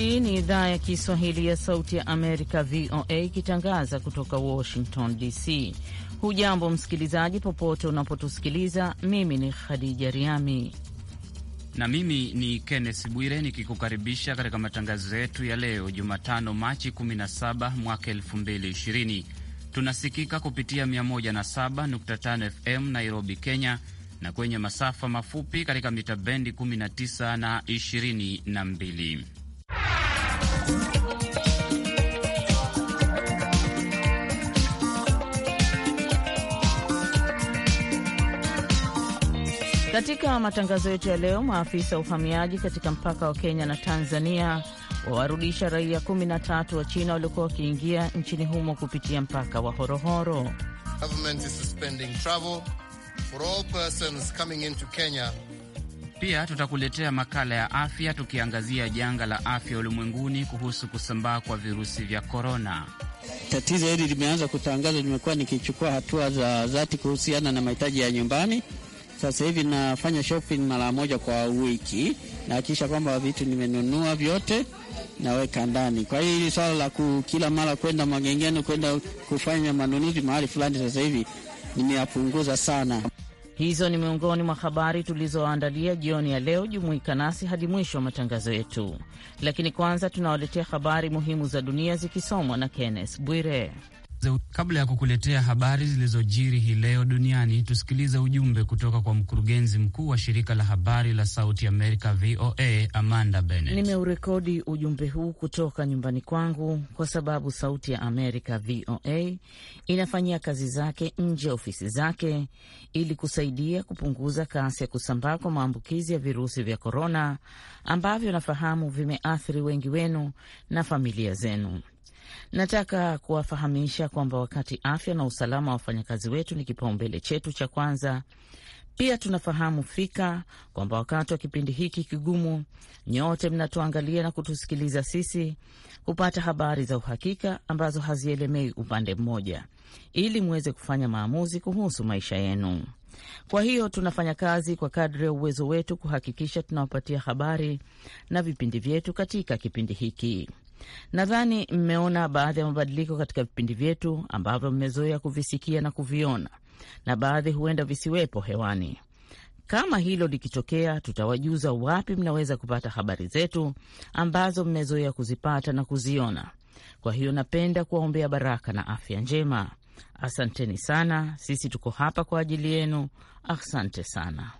Hii ni idhaa ya Kiswahili ya Sauti ya Amerika, VOA, ikitangaza kutoka Washington DC. Hujambo msikilizaji, popote unapotusikiliza. Mimi ni Khadija Riami na mimi ni Kenneth Bwire nikikukaribisha katika matangazo yetu ya leo Jumatano, Machi 17 mwaka 2020. Tunasikika kupitia 107.5 FM Nairobi, Kenya, na kwenye masafa mafupi katika mita bendi 19 na 22. Katika matangazo yetu ya leo, maafisa wa uhamiaji katika mpaka wa Kenya na Tanzania wawarudisha raia 13 wa China waliokuwa wakiingia nchini humo kupitia mpaka wa Horohoro. Government is suspending travel for all persons coming into Kenya pia tutakuletea makala ya afya tukiangazia janga la afya ulimwenguni kuhusu kusambaa kwa virusi vya korona. Tatizo hili limeanza kutangazwa, nimekuwa nikichukua hatua za dhati kuhusiana na mahitaji ya nyumbani. Sasa hivi nafanya shopping mara moja kwa wiki, nahakikisha kwamba vitu nimenunua vyote naweka ndani. Kwa hiyo hili swala la kila mara kwenda magengeni, kwenda kufanya manunuzi mahali fulani, sasa hivi nimeyapunguza sana. Hizo ni miongoni mwa habari tulizoandalia jioni ya leo. Jumuika nasi hadi mwisho wa matangazo yetu, lakini kwanza tunawaletea habari muhimu za dunia zikisomwa na Kenneth Bwire. Kabla ya kukuletea habari zilizojiri hii leo duniani, tusikilize ujumbe kutoka kwa mkurugenzi mkuu wa shirika la habari la Sauti Amerika VOA Amanda Bennett. Nimeurekodi ujumbe huu kutoka nyumbani kwangu kwa sababu Sauti ya Amerika VOA inafanyia kazi zake nje ya ofisi zake ili kusaidia kupunguza kasi ya kusambaa kwa maambukizi ya virusi vya korona ambavyo nafahamu vimeathiri wengi wenu na familia zenu. Nataka kuwafahamisha kwamba wakati afya na usalama wa wafanyakazi wetu ni kipaumbele chetu cha kwanza, pia tunafahamu fika kwamba wakati wa kipindi hiki kigumu, nyote mnatuangalia na kutusikiliza sisi kupata habari za uhakika ambazo hazielemei upande mmoja, ili mweze kufanya maamuzi kuhusu maisha yenu. Kwa hiyo tunafanya kazi kwa kadri ya uwezo wetu kuhakikisha tunawapatia habari na vipindi vyetu katika kipindi hiki. Nadhani mmeona baadhi ya mabadiliko katika vipindi vyetu ambavyo mmezoea kuvisikia na kuviona, na baadhi huenda visiwepo hewani. Kama hilo likitokea, tutawajuza wapi mnaweza kupata habari zetu ambazo mmezoea kuzipata na kuziona. Kwa hiyo napenda kuwaombea baraka na afya njema. Asanteni sana, sisi tuko hapa kwa ajili yenu. Asante sana.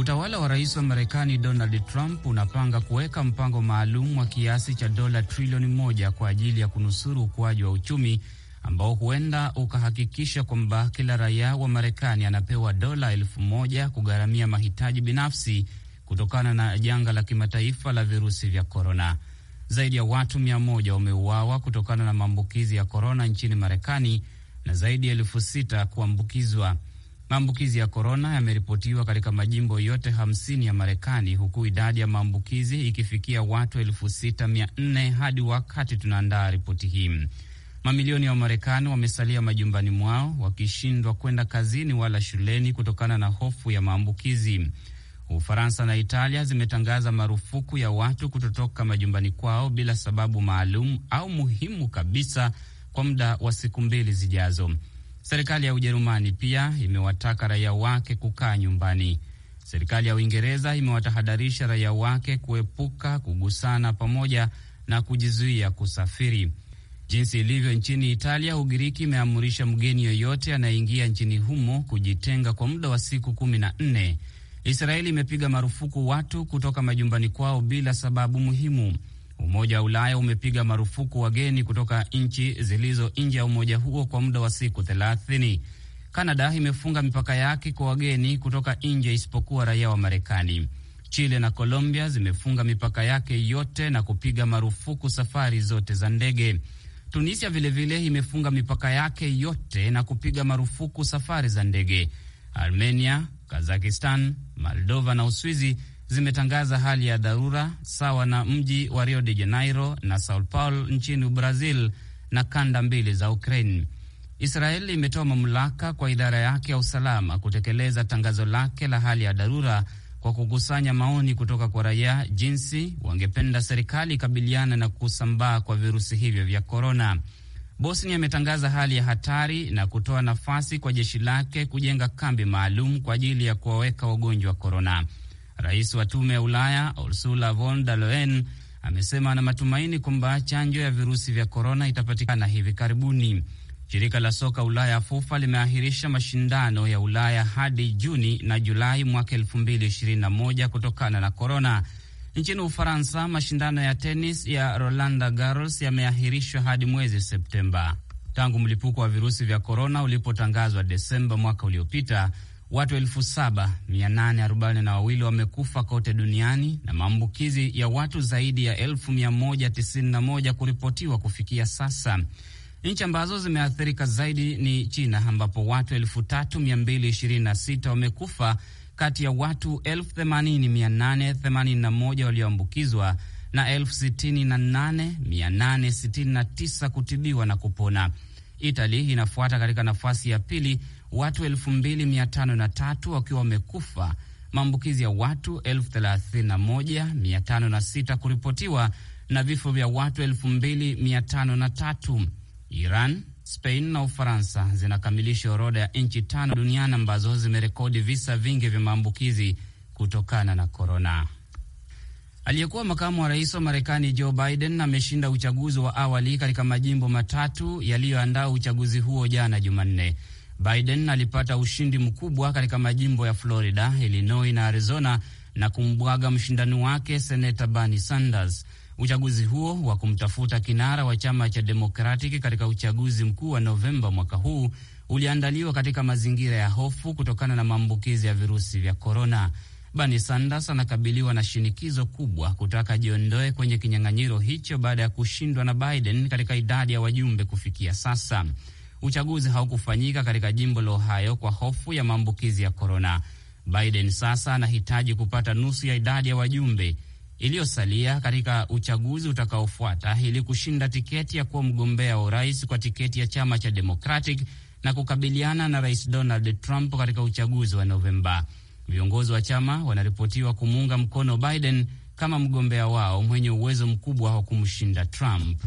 Utawala wa rais wa Marekani Donald Trump unapanga kuweka mpango maalum wa kiasi cha dola trilioni moja kwa ajili ya kunusuru ukuaji wa uchumi ambao huenda ukahakikisha kwamba kila raia wa Marekani anapewa dola elfu moja kugharamia mahitaji binafsi kutokana na janga la kimataifa la virusi vya korona. Zaidi ya watu mia moja wameuawa kutokana na maambukizi ya korona nchini Marekani na zaidi ya elfu sita kuambukizwa. Maambukizi ya korona yameripotiwa katika majimbo yote 50 ya Marekani, huku idadi ya maambukizi ikifikia watu 6400 hadi wakati tunaandaa ripoti hii. Mamilioni ya Wamarekani wamesalia majumbani mwao wakishindwa kwenda kazini wala shuleni kutokana na hofu ya maambukizi. Ufaransa na Italia zimetangaza marufuku ya watu kutotoka majumbani kwao bila sababu maalum au muhimu kabisa kwa muda wa siku mbili zijazo. Serikali ya Ujerumani pia imewataka raia wake kukaa nyumbani. Serikali ya Uingereza imewatahadharisha raia wake kuepuka kugusana pamoja na kujizuia kusafiri. Jinsi ilivyo nchini Italia, Ugiriki imeamurisha mgeni yoyote anayeingia nchini humo kujitenga kwa muda wa siku kumi na nne. Israeli imepiga marufuku watu kutoka majumbani kwao bila sababu muhimu. Umoja wa Ulaya umepiga marufuku wageni kutoka nchi zilizo nje ya umoja huo kwa muda wa siku thelathini. Kanada imefunga mipaka yake kwa wageni kutoka nje isipokuwa raia wa Marekani. Chile na Colombia zimefunga mipaka yake yote na kupiga marufuku safari zote za ndege. Tunisia vilevile vile imefunga mipaka yake yote na kupiga marufuku safari za ndege. Armenia, Kazakistan, Moldova na Uswizi zimetangaza hali ya dharura sawa na mji wa Rio de Janeiro na Sao Paulo nchini Brazil na kanda mbili za Ukraine. Israeli imetoa mamlaka kwa idara yake ya usalama kutekeleza tangazo lake la hali ya dharura kwa kukusanya maoni kutoka kwa raia jinsi wangependa serikali ikabiliana na kusambaa kwa virusi hivyo vya korona. Bosnia imetangaza hali ya hatari na kutoa nafasi kwa jeshi lake kujenga kambi maalum kwa ajili ya kuwaweka wagonjwa wa korona. Rais wa Tume ya Ulaya Ursula von der Leyen amesema ana matumaini kwamba chanjo ya virusi vya korona itapatikana hivi karibuni. Shirika la soka Ulaya FUFA limeahirisha mashindano ya Ulaya hadi Juni na Julai mwaka 2021 kutokana na korona. Nchini Ufaransa, mashindano ya tenis ya Roland Garros yameahirishwa hadi mwezi Septemba. Tangu mlipuko wa virusi vya korona ulipotangazwa Desemba mwaka uliopita Watu 7842 wamekufa kote duniani na maambukizi ya watu zaidi ya moja kuripotiwa kufikia sasa. Nchi ambazo zimeathirika zaidi ni China ambapo watu 3226 wamekufa kati ya watu moja walioambukizwa na 68869 kutibiwa na kupona. Itali inafuata katika nafasi ya pili watu 2503 wakiwa wamekufa, maambukizi ya watu 31506 kuripotiwa na vifo vya watu 2503. Iran, Spain na Ufaransa zinakamilisha orodha ya nchi tano duniani ambazo zimerekodi visa vingi vya maambukizi kutokana na korona. Aliyekuwa makamu wa rais wa Marekani Joe Biden ameshinda uchaguzi wa awali katika majimbo matatu yaliyoandaa uchaguzi huo jana Jumanne. Biden alipata ushindi mkubwa katika majimbo ya Florida, Illinois na Arizona na kumbwaga mshindani wake seneta Bernie Sanders. Uchaguzi huo wa kumtafuta kinara wa chama cha Democratic katika uchaguzi mkuu wa Novemba mwaka huu uliandaliwa katika mazingira ya hofu kutokana na maambukizi ya virusi vya korona. Bernie Sanders anakabiliwa na shinikizo kubwa kutaka jiondoe kwenye kinyang'anyiro hicho baada ya kushindwa na Biden katika idadi ya wajumbe kufikia sasa uchaguzi haukufanyika katika jimbo la Ohio kwa hofu ya maambukizi ya korona. Biden sasa anahitaji kupata nusu ya idadi ya wajumbe iliyosalia katika uchaguzi utakaofuata ili kushinda tiketi ya kuwa mgombea wa urais kwa tiketi ya chama cha Democratic na kukabiliana na Rais Donald Trump katika uchaguzi wa Novemba. Viongozi wa chama wanaripotiwa kumuunga mkono Biden kama mgombea wao mwenye uwezo mkubwa wa kumshinda Trump.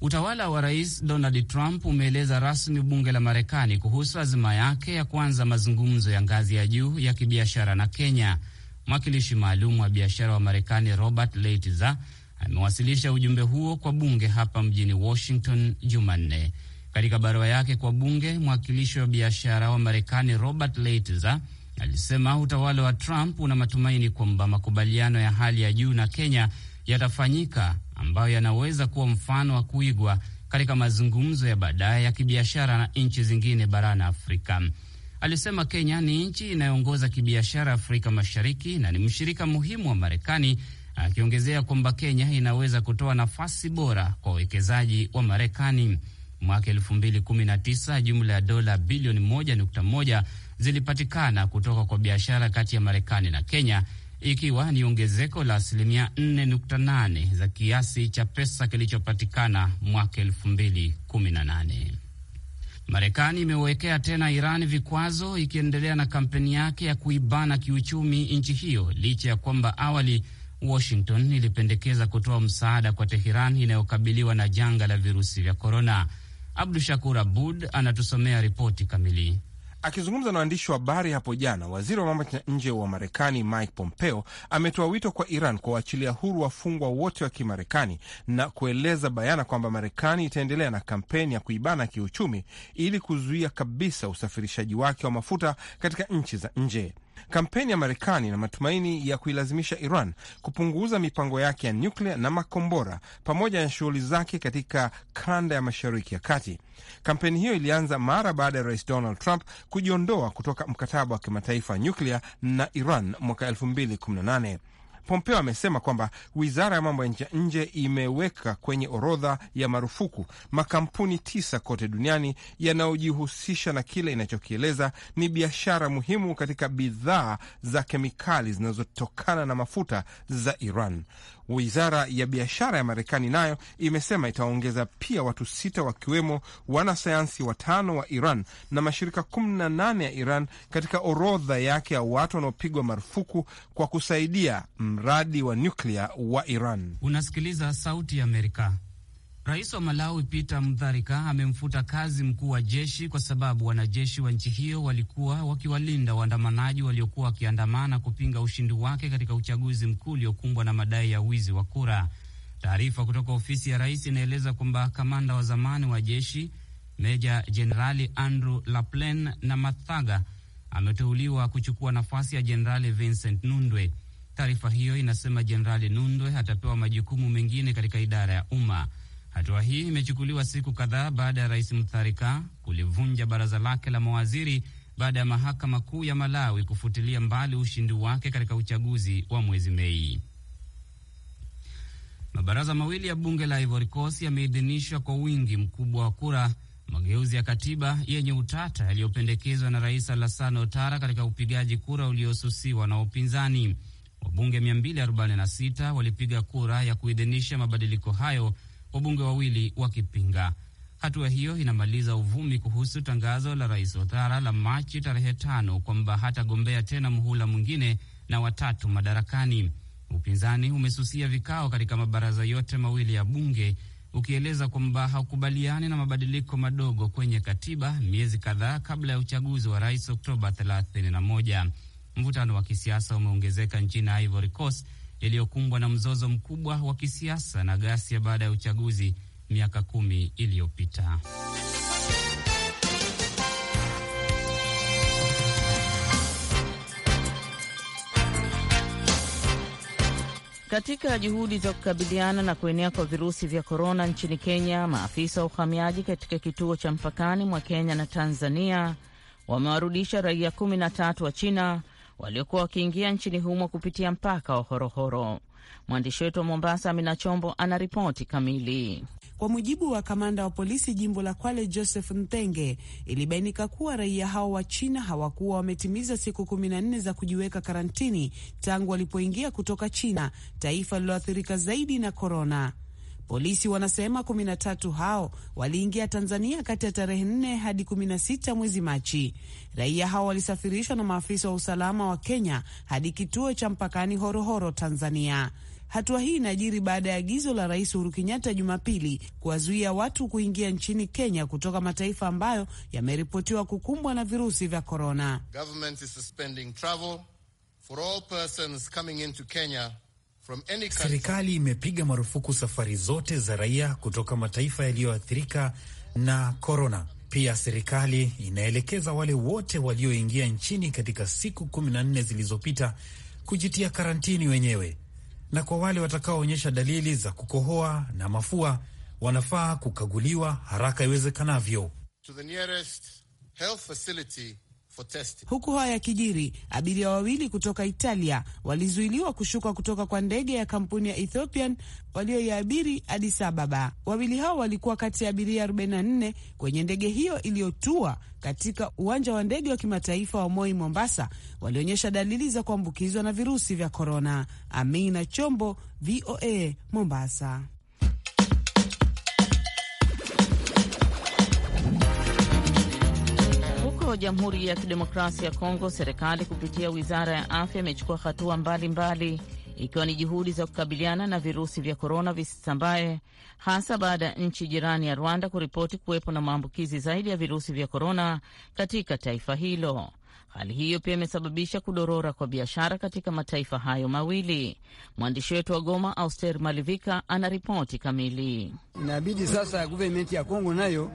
Utawala wa Rais Donald Trump umeeleza rasmi bunge la Marekani kuhusu azima yake ya kuanza mazungumzo ya ngazi ya juu ya kibiashara na Kenya. Mwakilishi maalum wa biashara wa Marekani Robert Leitzer amewasilisha ujumbe huo kwa bunge hapa mjini Washington Jumanne. Katika barua yake kwa bunge, mwakilishi wa biashara wa Marekani Robert Leitzer alisema utawala wa Trump una matumaini kwamba makubaliano ya hali ya juu na Kenya yatafanyika ambayo yanaweza kuwa mfano wa kuigwa katika mazungumzo ya baadaye ya kibiashara na nchi zingine barani Afrika. Alisema Kenya ni nchi inayoongoza kibiashara Afrika Mashariki na ni mshirika muhimu wa Marekani, akiongezea kwamba Kenya inaweza kutoa nafasi bora kwa wawekezaji wa Marekani. Mwaka 2019 jumla ya dola bilioni 1.1 zilipatikana kutoka kwa biashara kati ya Marekani na Kenya, ikiwa ni ongezeko la asilimia 4.8 za kiasi cha pesa kilichopatikana mwaka 2018. Marekani imewekea tena Iran vikwazo ikiendelea na kampeni yake ya kuibana kiuchumi nchi hiyo licha ya kwamba awali Washington ilipendekeza kutoa msaada kwa Teheran inayokabiliwa na janga la virusi vya korona. Abdu Shakur Abud anatusomea ripoti kamili. Akizungumza na waandishi wa habari hapo jana, waziri wa mambo ya nje wa Marekani Mike Pompeo ametoa wito kwa Iran kuwaachilia huru wafungwa wote wa Kimarekani na kueleza bayana kwamba Marekani itaendelea na kampeni ya kuibana kiuchumi ili kuzuia kabisa usafirishaji wake wa mafuta katika nchi za nje. Kampeni ya Marekani na matumaini ya kuilazimisha Iran kupunguza mipango yake ya nyuklia na makombora pamoja na shughuli zake katika kanda ya Mashariki ya Kati. Kampeni hiyo ilianza mara baada ya Rais Donald Trump kujiondoa kutoka mkataba wa kimataifa wa nyuklia na Iran mwaka 2018. Pompeo amesema kwamba wizara ya mambo ya nchi ya nje imeweka kwenye orodha ya marufuku makampuni tisa kote duniani yanayojihusisha na kile inachokieleza ni biashara muhimu katika bidhaa za kemikali zinazotokana na mafuta za Iran. Wizara ya biashara ya Marekani nayo imesema itaongeza pia watu sita wakiwemo wanasayansi watano wa Iran na mashirika kumi na nane ya Iran katika orodha yake ya watu wanaopigwa marufuku kwa kusaidia mradi wa nyuklia wa Iran. Unasikiliza Sauti ya Amerika. Rais wa Malawi Peter Mutharika amemfuta kazi mkuu wa jeshi kwa sababu wanajeshi wa nchi hiyo walikuwa wakiwalinda waandamanaji waliokuwa wakiandamana kupinga ushindi wake katika uchaguzi mkuu uliokumbwa na madai ya wizi wa kura. Taarifa kutoka ofisi ya rais inaeleza kwamba kamanda wa zamani wa jeshi Meja Jenerali Andrew Laplen na Mathaga ameteuliwa kuchukua nafasi ya Jenerali Vincent Nundwe. Taarifa hiyo inasema Jenerali Nundwe atapewa majukumu mengine katika idara ya umma. Hatua hii imechukuliwa siku kadhaa baada ya rais Mutharika kulivunja baraza lake la mawaziri baada ya mahakama kuu ya Malawi kufutilia mbali ushindi wake katika uchaguzi wa mwezi Mei. Mabaraza mawili ya bunge la Ivory Coast yameidhinishwa kwa wingi mkubwa wa kura mageuzi ya katiba yenye utata yaliyopendekezwa na rais Alassane Ouattara katika upigaji kura uliosusiwa na upinzani. Wabunge 246 walipiga kura ya kuidhinisha mabadiliko hayo wabunge wawili wakipinga. Hatua hiyo inamaliza uvumi kuhusu tangazo la Rais Outhara la Machi tarehe tano kwamba hatagombea tena muhula mwingine na watatu madarakani. Upinzani umesusia vikao katika mabaraza yote mawili ya bunge ukieleza kwamba haukubaliani na mabadiliko madogo kwenye katiba miezi kadhaa kabla ya uchaguzi wa rais Oktoba 31. Mvutano wa kisiasa umeongezeka nchini Ivory Coast iliyokumbwa na mzozo mkubwa wa kisiasa na ghasia baada ya uchaguzi miaka kumi iliyopita. Katika juhudi za kukabiliana na kuenea kwa virusi vya korona nchini Kenya, maafisa wa uhamiaji katika kituo cha mpakani mwa Kenya na Tanzania wamewarudisha raia kumi na tatu wa China waliokuwa wakiingia nchini humo kupitia mpaka wa Horohoro. Mwandishi wetu wa Mombasa, Amina Chombo, ana ripoti kamili. Kwa mujibu wa kamanda wa polisi jimbo la Kwale, Joseph Mthenge, ilibainika kuwa raia hao wa China hawakuwa wametimiza siku kumi na nne za kujiweka karantini tangu walipoingia kutoka China, taifa lililoathirika zaidi na korona. Polisi wanasema 13 hao waliingia Tanzania kati ya tarehe 4 hadi 16 mwezi Machi. Raia hao walisafirishwa na maafisa wa usalama wa Kenya hadi kituo cha mpakani Horohoro, Tanzania. Hatua hii inajiri baada ya agizo la Rais Uhuru Kenyatta Jumapili kuwazuia watu kuingia nchini Kenya kutoka mataifa ambayo yameripotiwa kukumbwa na virusi vya korona. Government is suspending travel for all persons coming into Kenya Serikali imepiga marufuku safari zote za raia kutoka mataifa yaliyoathirika na korona. Pia serikali inaelekeza wale wote walioingia nchini katika siku 14 zilizopita kujitia karantini wenyewe, na kwa wale watakaoonyesha dalili za kukohoa na mafua wanafaa kukaguliwa haraka iwezekanavyo to the nearest health facility Huku haya yakijiri, abiria wawili kutoka Italia walizuiliwa kushuka kutoka kwa ndege ya kampuni ya Ethiopian walioiabiri Addis Ababa. Wawili hao walikuwa kati ya abiria 44 kwenye ndege hiyo iliyotua katika uwanja wa ndege wa kimataifa wa Moi Mombasa, walionyesha dalili za kuambukizwa na virusi vya korona. Amina Chombo, VOA Mombasa. wa Jamhuri ya Kidemokrasia ya Kongo, serikali kupitia wizara ya afya imechukua hatua mbalimbali, ikiwa ni juhudi za kukabiliana na virusi vya korona visisambae, hasa baada ya nchi jirani ya Rwanda kuripoti kuwepo na maambukizi zaidi ya virusi vya korona katika taifa hilo. Hali hiyo pia imesababisha kudorora kwa biashara katika mataifa hayo mawili. Mwandishi wetu wa Goma, Auster Malivika, ana ripoti kamili. Inabidi sasa guvernmenti ya Kongo nayo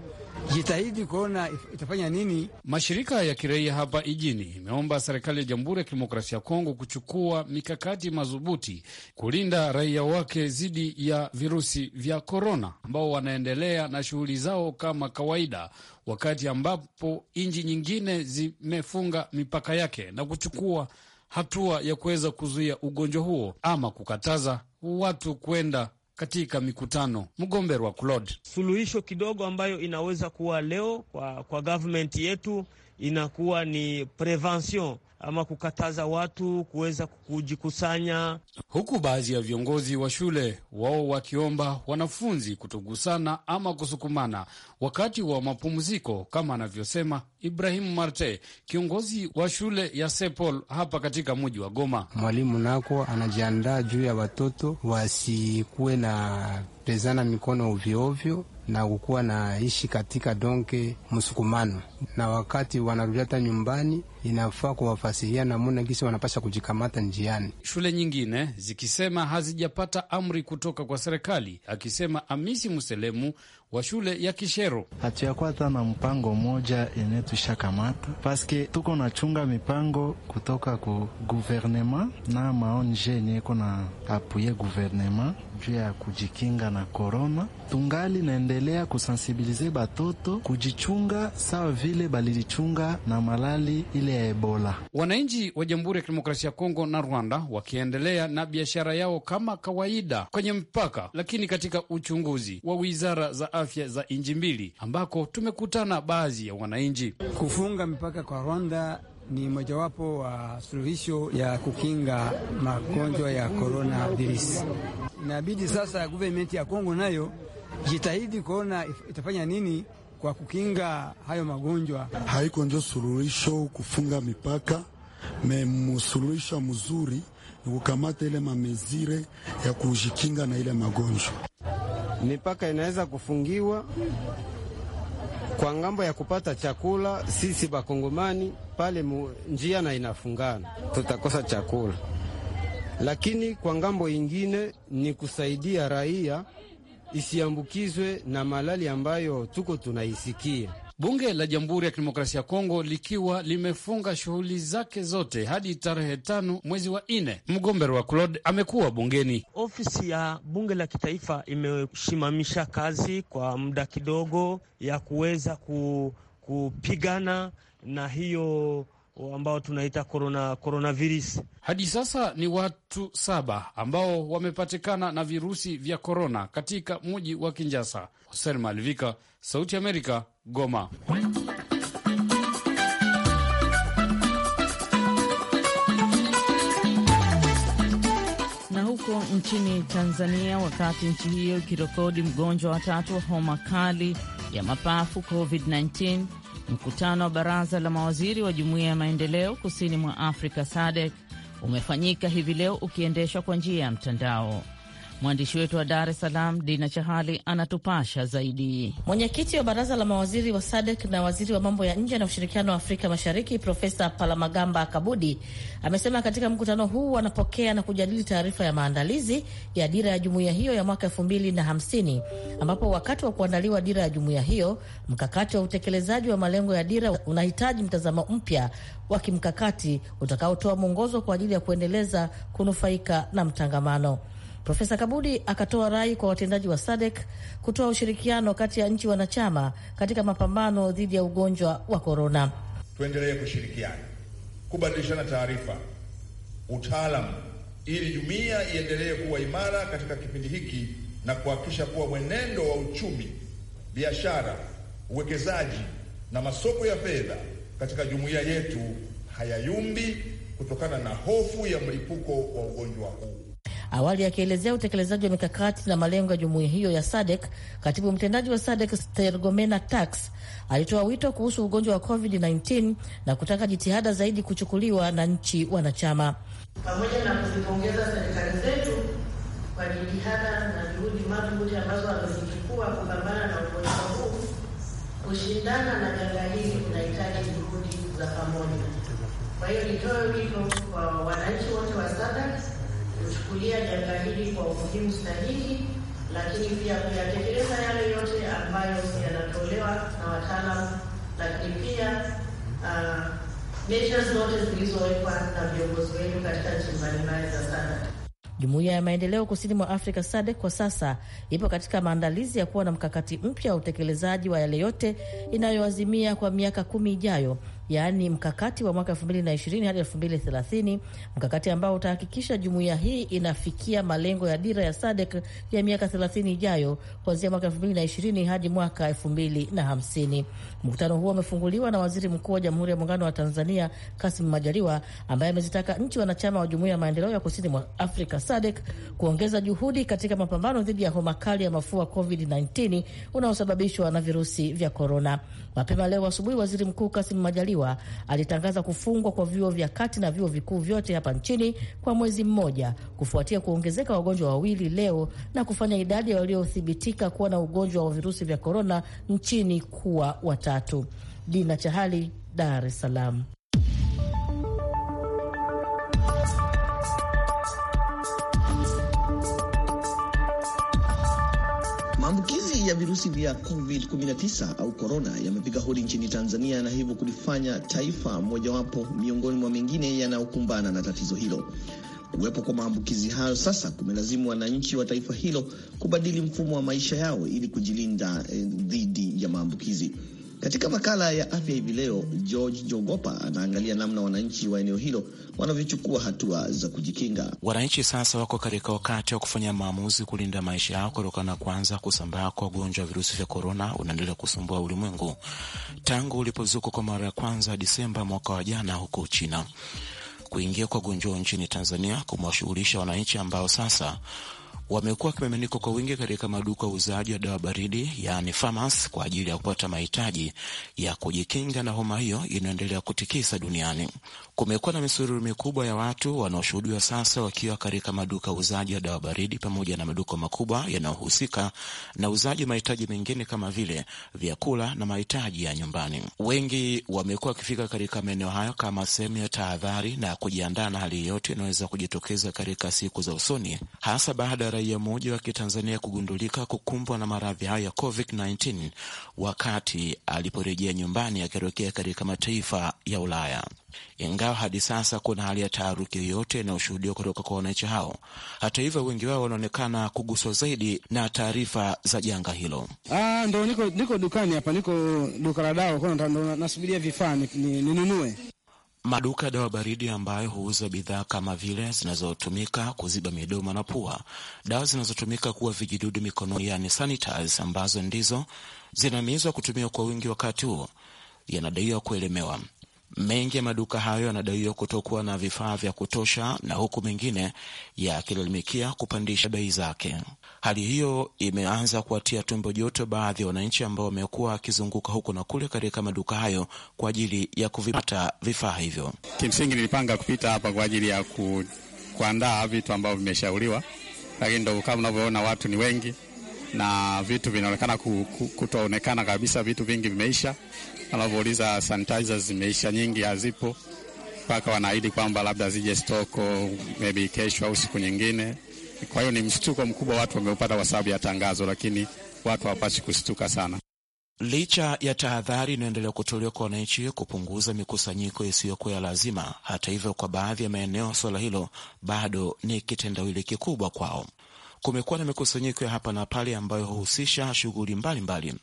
jitahidi kuona itafanya nini. Mashirika ya kiraia hapa ijini imeomba serikali ya Jamhuri ya Kidemokrasia ya Kongo kuchukua mikakati madhubuti kulinda raia wake dhidi ya virusi vya korona, ambao wanaendelea na shughuli zao kama kawaida wakati ambapo nchi nyingine zimefunga mipaka yake na kuchukua hatua ya kuweza kuzuia ugonjwa huo ama kukataza watu kwenda katika mikutano. wa Claude, suluhisho kidogo ambayo inaweza kuwa leo kwa, kwa gavumenti yetu inakuwa ni prevention ama kukataza watu kuweza kujikusanya, huku baadhi ya viongozi wa shule wao wakiomba wanafunzi kutogusana ama kusukumana wakati wa mapumziko, kama anavyosema Ibrahimu Marte, kiongozi wa shule ya Sepol hapa katika mji wa Goma. Mwalimu nako anajiandaa juu ya watoto wasikuwe na pezana mikono ovyoovyo na kukuwa na ishi katika donke msukumano, na wakati wanarudiata nyumbani, inafaa kuwafasiria namuna gisi wanapasha kujikamata njiani. Shule nyingine zikisema hazijapata amri kutoka kwa serikali, akisema Amisi Muselemu wa shule ya Kishero. Hatuyakwata na mpango moja yenye tushakamata paske tuko nachunga mipango kutoka ku guvernema na maonje yenye iko na apuye guvernema juu ya kujikinga na korona. Tungali naendelea kusensibilize batoto kujichunga sawa vile balilichunga na malali ile ya Ebola. Wananchi wa Jamhuri ya Kidemokrasia ya Kongo na Rwanda wakiendelea na biashara yao kama kawaida kwenye mpaka, lakini katika uchunguzi wa wizara za afya za nchi mbili, ambako tumekutana baadhi ya wananchi. Kufunga mipaka kwa Rwanda ni mojawapo wa suluhisho ya kukinga magonjwa ya korona virusi. Inabidi sasa guvernmenti ya Kongo nayo jitahidi kuona itafanya nini kwa kukinga hayo magonjwa. Haiko ndio suluhisho kufunga mipaka, memsuluhisha mzuri ni kukamata ile mamezire ya kujikinga na ile magonjwa mipaka inaweza kufungiwa kwa ngambo ya kupata chakula. Sisi bakongomani pale njia na inafungana, tutakosa chakula, lakini kwa ngambo ingine ni kusaidia raia isiambukizwe na malali ambayo tuko tunaisikia. Bunge la Jamhuri ya Kidemokrasia ya Kongo likiwa limefunga shughuli zake zote hadi tarehe tano mwezi wa nne. Mgomber wa Claude amekuwa bungeni. Ofisi ya bunge la kitaifa imesimamisha kazi kwa muda kidogo ya kuweza ku, kupigana na hiyo ambao tunaita corona coronavirus. Hadi sasa ni watu saba ambao wamepatikana na virusi vya korona katika mji wa Kinjasa. Hosen Malivika, Sauti Amerika, Goma. Huko nchini Tanzania, wakati nchi hiyo ikirekodi mgonjwa watatu wa homa kali ya mapafu COVID-19 Mkutano wa baraza la mawaziri wa jumuiya ya maendeleo kusini mwa Afrika SADC umefanyika hivi leo ukiendeshwa kwa njia ya mtandao. Mwandishi wetu wa Dar es Salaam, Dina Chahali, anatupasha zaidi. Mwenyekiti wa baraza la mawaziri wa SADC na waziri wa mambo ya nje na ushirikiano wa Afrika Mashariki, Profesa Palamagamba Kabudi, amesema katika mkutano huu wanapokea na kujadili taarifa ya maandalizi ya dira ya jumuiya hiyo ya mwaka elfu mbili na hamsini ambapo wakati wa kuandaliwa dira ya jumuiya hiyo, mkakati wa utekelezaji wa malengo ya dira unahitaji mtazamo mpya wa kimkakati utakaotoa mwongozo kwa ajili ya kuendeleza kunufaika na mtangamano. Profesa Kabudi akatoa rai kwa watendaji wa SADC kutoa ushirikiano kati ya nchi wanachama katika mapambano dhidi ya ugonjwa wa korona. Tuendelee kushirikiana, kubadilishana taarifa, utaalamu, ili jumuiya iendelee kuwa imara katika kipindi hiki na kuhakikisha kuwa mwenendo wa uchumi, biashara, uwekezaji na masoko ya fedha katika jumuiya yetu hayayumbi kutokana na hofu ya mlipuko wa ugonjwa huu. Awali akielezea utekelezaji wa mikakati na malengo ya jumuiya hiyo ya SADC, katibu mtendaji wa SADC Stergomena Tax alitoa wito kuhusu ugonjwa wa COVID-19 na kutaka jitihada zaidi kuchukuliwa na nchi wanachama. Pamoja na kuzipongeza serikali zetu kwa jitihada na juhudi madhubuti ambazo wamezichukua kupambana na ugonjwa huu, kushindana na janga hili kunahitaji juhudi za pamoja. Kwa hiyo nitoe wito kwa wananchi wote kulichukulia janga hili kwa umuhimu sahihi, lakini pia kuyatekeleza yale yote ambayo yanatolewa na wataalamu, lakini pia mesha ah, measures zote zilizowekwa na viongozi wetu katika nchi mbalimbali za SADC. Jumuiya ya maendeleo kusini mwa Afrika SADC kwa sasa ipo katika maandalizi ya kuwa na mkakati mpya wa utekelezaji wa yale yote inayoazimia kwa miaka kumi ijayo yaani mkakati wa mwaka elfu mbili na ishirini hadi elfu mbili thelathini mkakati ambao utahakikisha jumuiya hii inafikia malengo ya dira ya SADC ya miaka thelathini ijayo kuanzia mwaka elfu mbili na ishirini hadi mwaka elfu mbili na hamsini. Mkutano huo umefunguliwa na Waziri Mkuu wa Jamhuri ya Muungano wa Tanzania Kasim Majaliwa, ambaye amezitaka nchi wanachama wa Jumuiya ya Maendeleo ya Kusini mwa Afrika SADC kuongeza juhudi katika mapambano dhidi ya homa kali ya mafua COVID-19 unaosababishwa na virusi vya korona. Mapema leo asubuhi, Waziri Mkuu Kasim Majaliwa Majaliwa alitangaza kufungwa kwa vyuo vya kati na vyuo vikuu vyote hapa nchini kwa mwezi mmoja kufuatia kuongezeka wagonjwa wawili leo na kufanya idadi ya waliothibitika kuwa na ugonjwa wa virusi vya korona nchini kuwa watatu. Dina Chahali, Dar es Salaam. Maambukizi ya virusi vya COVID-19 au korona yamepiga hodi nchini Tanzania na hivyo kulifanya taifa mojawapo miongoni mwa mengine yanayokumbana na tatizo hilo. Kuwepo kwa maambukizi hayo sasa kumelazimu wananchi wa taifa hilo kubadili mfumo wa maisha yao ili kujilinda eh, dhidi ya maambukizi. Katika makala ya afya hivi leo, George Jogopa anaangalia namna wananchi wa eneo hilo wanavyochukua hatua za kujikinga. Wananchi sasa wako katika wakati wa kufanya maamuzi kulinda maisha yao kutokana na kwanza kusambaa kwa ugonjwa wa virusi vya korona unaendelea kusumbua ulimwengu tangu ulipozuka kwa mara ya kwanza Disemba mwaka wa jana huko Uchina. Kuingia kwa ugonjwa nchini Tanzania kumewashughulisha wananchi ambao sasa wamekuwa wakimiminika kwa wingi katika maduka ya uuzaji wa dawa baridi, yaani famas, kwa ajili ya kupata mahitaji ya kujikinga na homa hiyo inayoendelea kutikisa duniani. Kumekuwa na misururu mikubwa ya watu wanaoshuhudiwa sasa wakiwa katika maduka ya uuzaji wa dawa baridi pamoja na maduka makubwa yanayohusika na uuzaji mahitaji mengine kama vile vyakula na mahitaji ya nyumbani. Wengi wamekuwa wakifika katika maeneo hayo kama sehemu ya tahadhari na kujiandaa na hali yoyote inaweza kujitokeza katika siku za usoni, hasa baada raia mmoja wa Kitanzania kugundulika kukumbwa na maradhi hayo ya COVID-19 wakati aliporejea nyumbani akitokea katika mataifa ya Ulaya. Ingawa hadi sasa kuna hali ya taharuki yoyote inayoshuhudiwa kutoka kwa wananchi hao, hata hivyo, wengi wao wanaonekana kuguswa zaidi na taarifa za janga hilo. Aa, ah, ndo niko niko dukani hapa, niko duka la dawa, nasubiria vifaa ninunue. Maduka ya dawa baridi ambayo huuza bidhaa kama vile zinazotumika kuziba midomo na pua, dawa zinazotumika kuwa vijidudu mikononi, yani sanitizers, ambazo ndizo zinamizwa kutumia kwa wingi wakati huo yanadaiwa kuelemewa. Mengi ya maduka hayo yanadaiwa kutokuwa na vifaa vya kutosha, na huku mengine yakilalamikia kupandisha bei zake. Hali hiyo imeanza kuwatia tumbo joto baadhi ya wananchi ambao wamekuwa wakizunguka huku na kule katika maduka hayo kwa ajili ya kuvipata vifaa hivyo. Kimsingi nilipanga kupita hapa kwa ajili ya ku, kuandaa vitu ambavyo vimeshauriwa, lakini ndo kama unavyoona watu ni wengi na vitu vinaonekana kutoonekana kabisa, vitu vingi vimeisha anavyouliza sanitizer zimeisha, nyingi hazipo, mpaka wanaahidi kwamba labda zije stoko maybe kesho au siku nyingine. Kwa hiyo ni mshtuko mkubwa watu wameupata kwa sababu ya tangazo, lakini watu hawapaswi kushtuka sana. Licha ya tahadhari inayoendelea kutolewa kwa wananchi kupunguza mikusanyiko isiyokuwa ya lazima, hata hivyo, kwa baadhi ya maeneo suala hilo bado ni kitendawili kikubwa kwao. Kumekuwa na mikusanyiko ya hapa na pale ambayo huhusisha shughuli mbalimbali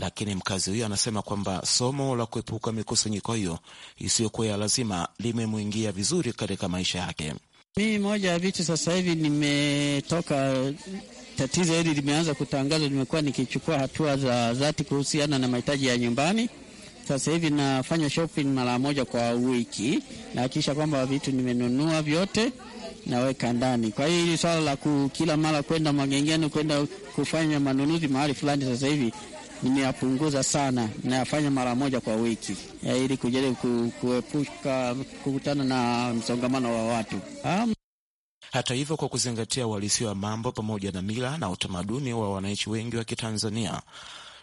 lakini mkazi huyo anasema kwamba somo la kuepuka mikusanyiko hiyo isiyokuwa ya lazima limemwingia vizuri katika maisha yake. Mimi moja ya vitu sasa hivi nimetoka tatizo hili limeanza kutangazwa, nimekuwa nikichukua hatua za dhati kuhusiana na mahitaji ya nyumbani. Sasa hivi nafanya shopping mara moja kwa wiki, nahakikisha kwamba vitu nimenunua vyote naweka ndani. Kwa hiyo hili swala la kila mara kwenda magengeni, kwenda kufanya manunuzi mahali fulani, sasa hivi nimeyapunguza sana, nayafanya mara moja kwa wiki ili kujaribu ku, kuepuka kukutana na msongamano wa watu ha? Hata hivyo, kwa kuzingatia uhalisi wa mambo pamoja na mila na utamaduni wa wananchi wengi wa Kitanzania,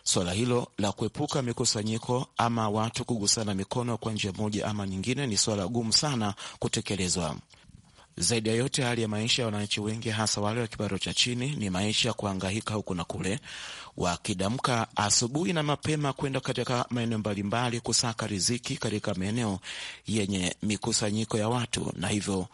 swala hilo la kuepuka mikusanyiko ama watu kugusana mikono kwa njia moja ama nyingine ni swala gumu sana kutekelezwa. Zaidi ya yote, hali ya maisha ya wananchi wengi, hasa wale wa kipato cha chini, ni maisha ya kuhangaika huku na kule, wakidamka asubuhi na mapema kwenda katika maeneo mbalimbali kusaka riziki katika maeneo yenye mikusanyiko ya watu, na hivyo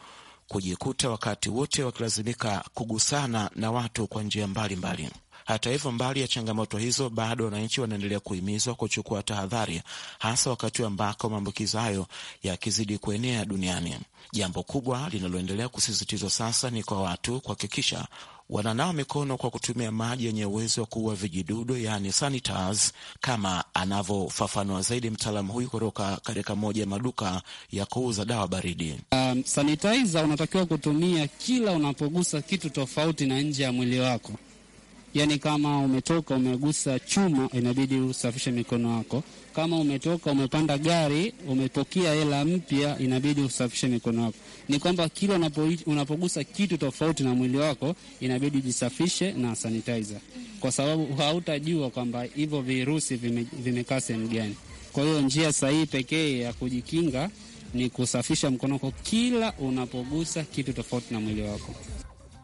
kujikuta wakati wote wakilazimika kugusana na watu kwa njia mbalimbali. Hata hivyo, mbali ya changamoto hizo, bado wananchi wanaendelea kuhimizwa kuchukua tahadhari, hasa wakati ambako maambukizo hayo yakizidi kuenea duniani. Jambo kubwa linaloendelea kusisitizwa sasa ni kwa watu kuhakikisha wananawa mikono kwa kutumia maji yenye uwezo wa kuua vijidudu, yani sanitas, kama anavyofafanua zaidi mtaalamu huyu kutoka katika moja ya maduka ya kuuza dawa baridi. Um, sanitizer unatakiwa kutumia kila unapogusa kitu tofauti na nje ya mwili wako. Yani kama umetoka umegusa chuma, inabidi usafishe mikono yako. Kama umetoka umepanda gari, umepokea hela mpya, inabidi usafishe mikono yako. Ni kwamba kila unapogusa kitu tofauti na mwili wako, inabidi ujisafishe na sanitizer, kwa sababu hautajua kwamba hivyo virusi vimekaa sehemu gani. Kwa hiyo njia sahihi pekee ya kujikinga ni kusafisha mkono wako kila unapogusa kitu tofauti na mwili wako.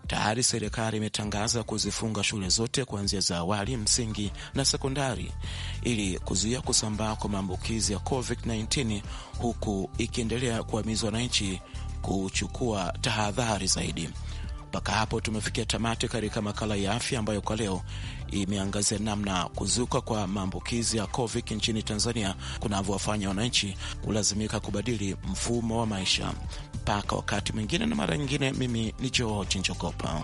Tayari serikali imetangaza kuzifunga shule zote kuanzia za awali, msingi na sekondari ili kuzuia kusambaa kwa maambukizi ya COVID-19 huku ikiendelea kuhamizwa wananchi kuchukua tahadhari zaidi. Mpaka hapo tumefikia tamati katika makala ya afya ambayo kwa leo imeangazia namna kuzuka kwa maambukizi ya COVID nchini Tanzania kunavyowafanya wananchi kulazimika kubadili mfumo wa maisha mpaka wakati mwingine na mara nyingine. Mimi ni George Njogopa.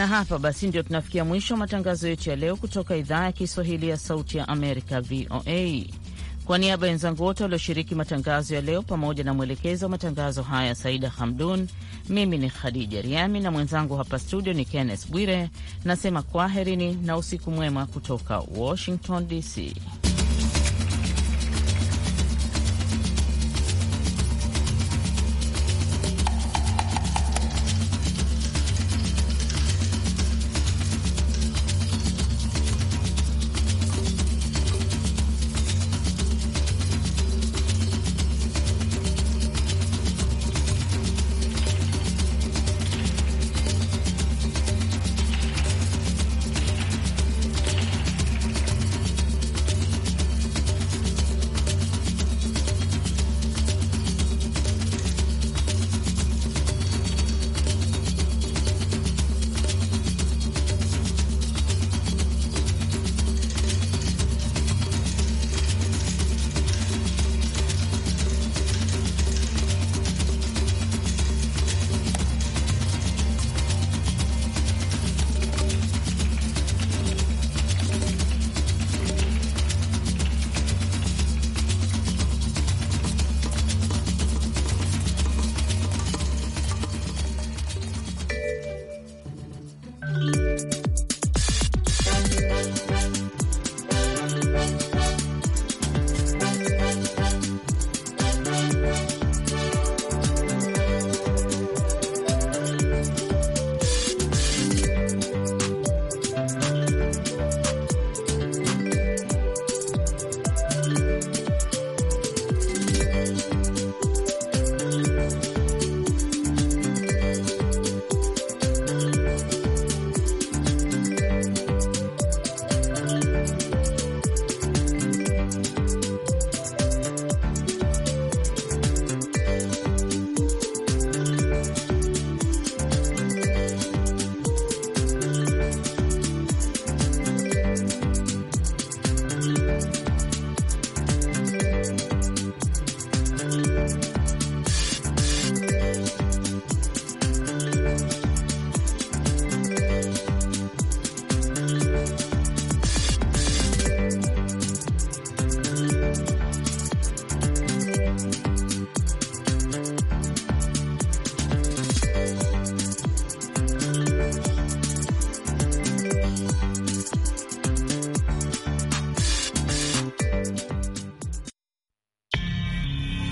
Na hapa basi ndio tunafikia mwisho wa matangazo yetu ya leo kutoka idhaa ya Kiswahili ya Sauti ya Amerika, VOA. Kwa niaba ya wenzangu wote walioshiriki matangazo ya leo pamoja na mwelekezi wa matangazo haya Saida Hamdun, mimi ni Khadija Riami na mwenzangu hapa studio ni Kenneth Bwire, nasema kwaherini na usiku mwema kutoka Washington DC.